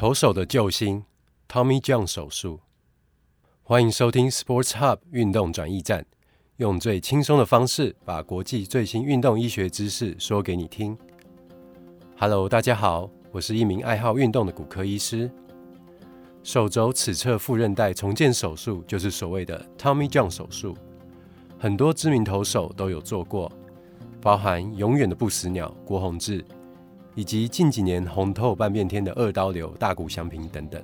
投手的救星，Tommy John 手術。歡迎收聽 Sports Hub 運動轉驛站，用最輕鬆的方式把國際最新運動醫學知識說給你聽。Hello，大家好，我是一名愛好運動的骨科醫師。手肘尺側副韌帶重建手術就是所謂的 Tommy John 手術，很多知名投手都有做過，包含永遠的不死鳥郭泓志。以及近幾年紅透半邊天的二刀流大谷翔平等等。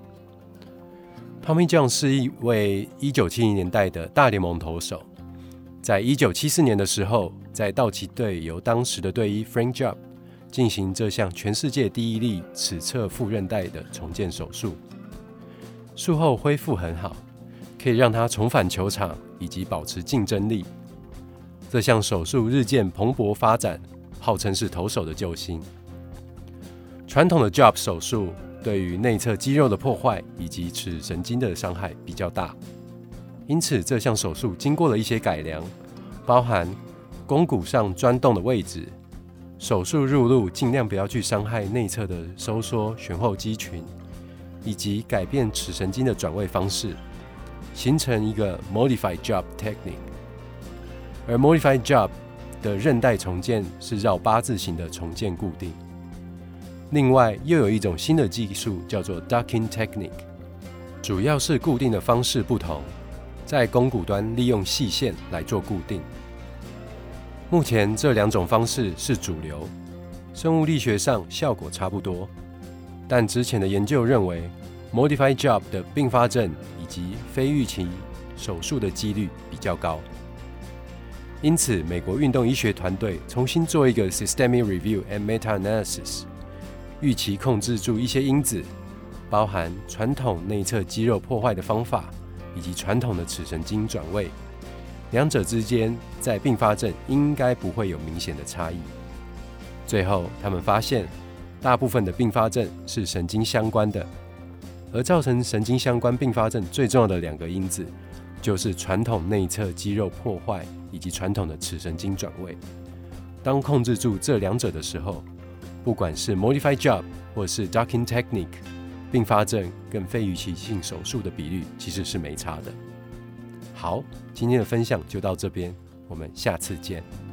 Tommy John 是一位1970年代的大聯盟投手，在1974年的時候，在道奇隊由當時的隊醫 Frank Jobe 進行這項全世界第一例尺側副韌帶的重建手術，術後恢復很好，可以讓他重返球場以及保持競爭力。這項手術日漸蓬勃發展，號稱是投手的救星。傳統的 Jobe 手術對於內側肌肉的破壞以及尺神經的傷害比較大，因此這項手術經過了一些改良，包含肱骨上鑽洞的位置、手術入路盡量不要去傷害內側的收縮旋後肌群，以及改變尺神經的轉位方式，形成一個 Modified Jobe Technique。而 Modified Jobe 的韌帶重建是繞八字形的重建固定。另外，又有一種新的技術叫做 Ducking Technique，主要是固定的方式不同，在肱骨端利用細線來做固定。目前這兩種方式是主流，生物力學上效果差不多，但之前的研究認為 Modified Job 的併發症以及非預期手術的幾率比較高，因此美國運動醫學團隊重新做一個 Systemic Review and Meta-analysis。預期控制住一些因子，包含傳統內側肌肉破壞的方法，以及傳統的尺神經轉位，兩者之間在併發症應該不會有明顯的差異。最後，他們發現大部分的并發症是神經相關的，而造成神經相關併發症最重要的兩個因子，就是傳統內側肌肉破壞以及傳統的尺神經轉位。當控制住這兩者的時候，不管是 Modified Jobe 或是 Docking Technique，併發症跟非預期性手術的比率其實是沒差的。好，今天的分享就到這邊，我們下次見。